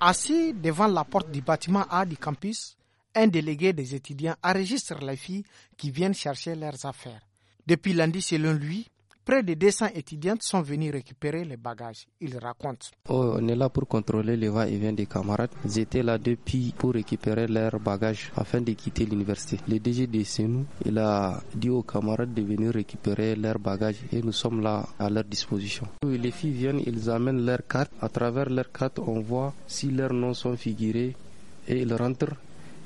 Assis devant la porte du bâtiment A du campus, un délégué des étudiants enregistre les filles qui viennent chercher leurs affaires. Depuis lundi, selon lui, près de 200 étudiantes sont venues récupérer les bagages. Ils racontent. Oh, on est là pour contrôler les va-et-vient des camarades. Ils étaient là depuis pour récupérer leurs bagages afin de quitter l'université. Le DG de il a dit aux camarades de venir récupérer leurs bagages et nous sommes là à leur disposition. Les filles viennent, ils amènent leurs cartes. À travers leurs cartes, on voit si leurs noms sont figurés et ils rentrent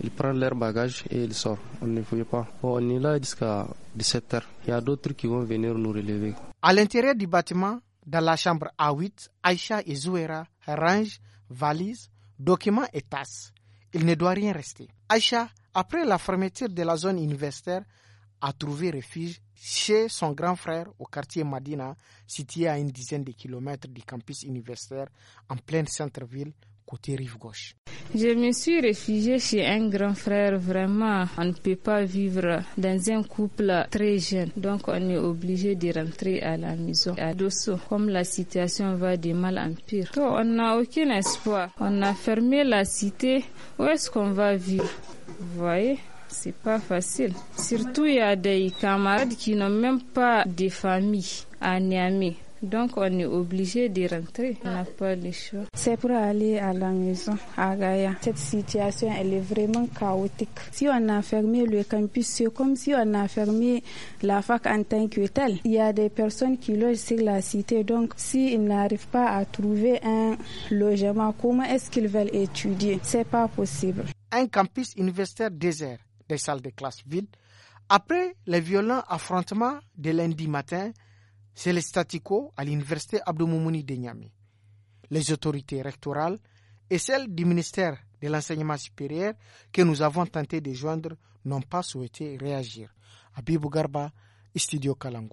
ils prennent leur bagage et ils sortent. On ne fouille pas. On est là jusqu'à 17h. Il y a d'autres qui vont venir nous relever. À l'intérieur du bâtiment, dans la chambre A8, Aïcha et Zouéra rangent valises, documents et tasses. Il ne doit rien rester. Aïcha, après la fermeture de la zone universitaire, a trouvé refuge chez son grand frère au quartier Madina, situé à une dizaine de kilomètres du campus universitaire en plein centre-ville côté rive gauche. Je me suis réfugié chez un grand frère. Vraiment, on ne peut pas vivre dans un couple très jeune. Donc, on est obligé de rentrer à la maison. À comme la situation va de mal en pire. on n'a aucun espoir. On a fermé la cité. Où est-ce qu'on va vivre Vous voyez c'est pas facile. Surtout, il y a des camarades qui n'ont même pas de famille à Niamey. Donc on est obligé de rentrer. On n'a pas le choses. C'est pour aller à la maison, à Gaïa. Cette situation, elle est vraiment chaotique. Si on a fermé le campus, c'est comme si on a fermé la fac en tant que telle. Il y a des personnes qui logent sur la cité. Donc s'ils n'arrivent pas à trouver un logement, comment est-ce qu'ils veulent étudier C'est pas possible. Un campus universitaire désert, des salles de classe vides. Après les violents affrontements de lundi matin, c'est le quo à l'université Moumouni de Niamey. Les autorités rectorales et celles du ministère de l'enseignement supérieur que nous avons tenté de joindre n'ont pas souhaité réagir. Abibou Garba, Studio Kalangou.